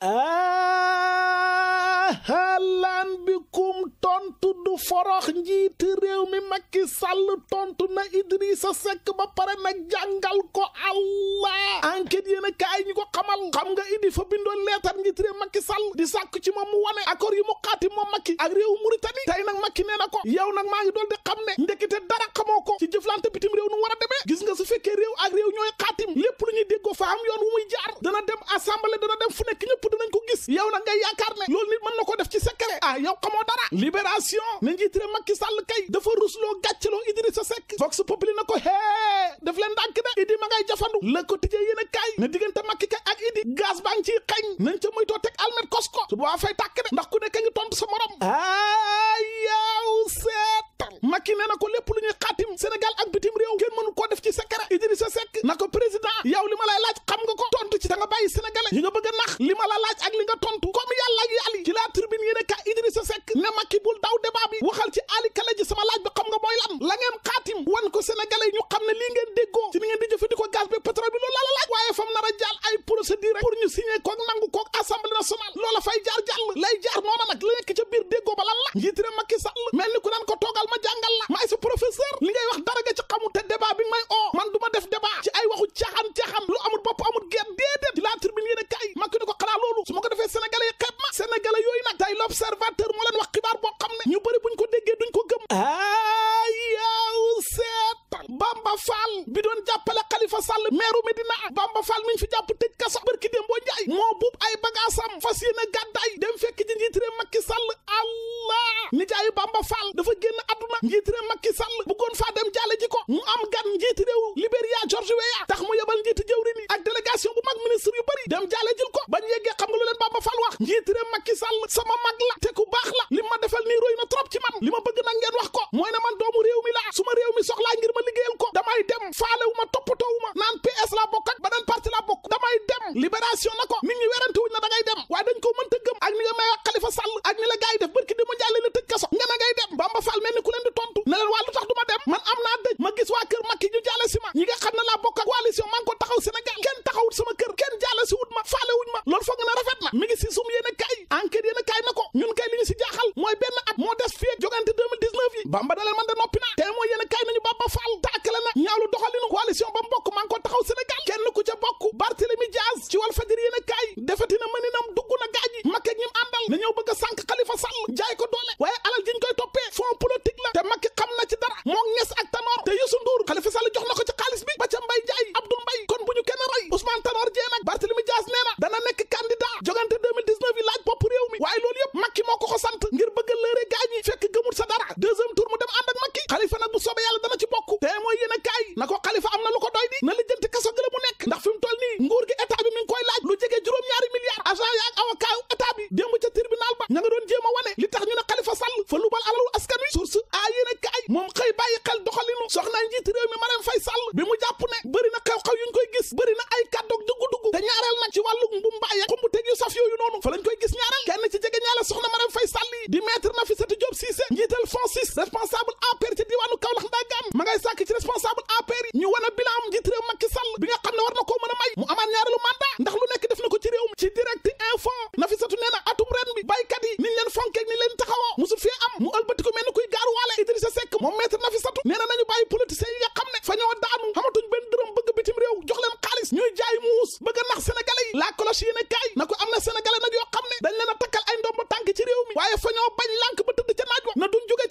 ahalan bikum tontu du forox njiiti réew mi Macky Sall tontu na Idrissa Seck ba pare na jàngal tiitre Macky Sall di sàkk ci moom mu wane accord yi mu xaati moom Macky ak réew Mauritanie tey nag Macky nee na ko yow nag maa ngi dool di xam ne ndekete dara xamoo ko ci jëflante bitim réew nu war a demee gis nga su fekkee réew ak réew ñooy xaatim lépp lu ñuy déggoo fa am yoon wu muy jaar dana dem assemblée dana dem fu nekk ñëpp danañ ko gis yow nag ngay yaakaar ne loolu nit mën na ko def ci sec ah yow dara libération ne njiit réew Sall kay dafa rusloo gàccaloo Idrissa Seck vox populi na ko hee daf leen ndànk de idi ma ngay jafandu le quotidien yéen a kaay ne diggante Macky kay ak idi gaz baa ngi ciy ca moytoo teg almet kos ko su boobaa fay tàkk de ndax ku nekk ngi tontu sa morom a yow seetal Macky ko lépp lu ñuy ne Macky daw débat bi waxal ci Ali Kalaji sama laaj bi xam nga mooy lan la xaatim wan ko sénégalais ñu xam ne lii ngeen déggoo ci ni ngeen di jëfandikoo gaz bi pétrole bi loolu la waaye fam nar a jaal ay procédure pour ñu signer ko bagaasam fas yéen a gàddaay dem fekk ci njiit réew Macky Sall allah nijaayu Bamba Fall dafa génn àdduna njiit réew Macky Sall bëggoon faa dem jaale ji ko mu am gan njiit réew Libéria George Mega alalu askan wi source a yéen a kaay moom xëy bàyyi xel doxalinu soxna njiit réew mi Marème Faye Sall bi mu jàpp ne bëri na xew-xew yu ñu koy gis bëri na ay kàddoog dugg-dugg te ñaareel na ci wàllu mbumbaay xumbu teg yu saf yooyu noonu fa koy gis ñaareel Seck moom maître Nafissatou nee na nañu bàyyi politiciens yi nga xam ne fa daanu xamatuñ benn dërëm bëgg bitim réew jox leen xaalis ñuy jaay muus bëgg a nax sénégalais yi la cloche yéene kaay na ko am na sénégalais nag yoo xam ne dañ leen a takkal ay ndombo tànk ci réew mi waaye fa bañ lànk ba tëdd ca naaj wa na duñ jóge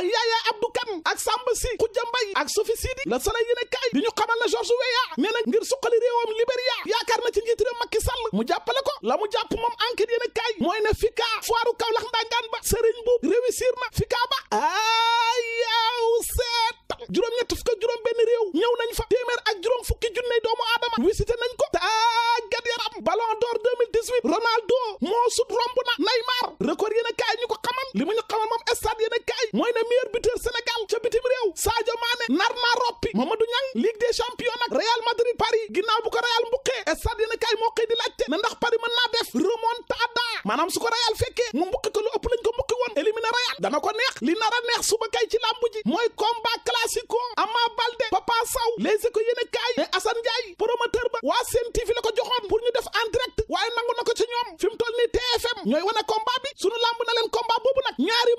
ak Yaya Abdou Kane ak Samba Sy Khoudia Mbaye ak Sophie Sidi Le Soleil yéen a kaay di ñu xamal ne George Weah nee na ngir suqali réewam Libéria yaakaar na ci njiit réew Macky Sall mu jàppale ko la mu jàpp moom enquête yéen a kaay mooy ne fika foiru Kaolack ndangaan ba Serigne Mboup réussir na fika ba ayaw seet juróom-ñett fukk ak juróom benn réew ñëw nañ fa téeméer ak juróom fukki junney doomu aadama visité nañ buteur Sénégal ca bitim réew Sadio Mané nar naa roppi Mamadou Niang Ligue des champions nag Real Madrid Paris ginnaaw bu ko Real mbuqee stade yéen kaay moo xëy di laajte na ndax Paris mën naa def remontada maanaam su ko Real fekkee mu mbuqi ko lu ëpp lañ ko mbuqi woon éliminer Real dana ko neex li nar a neex suba ci làmb ji mooy combat classico Ama Baldé Papa Sow les éco yéen kaay ne Assane Ndiaye promoteur ba waa Sen TV ko joxoon pour ñu def en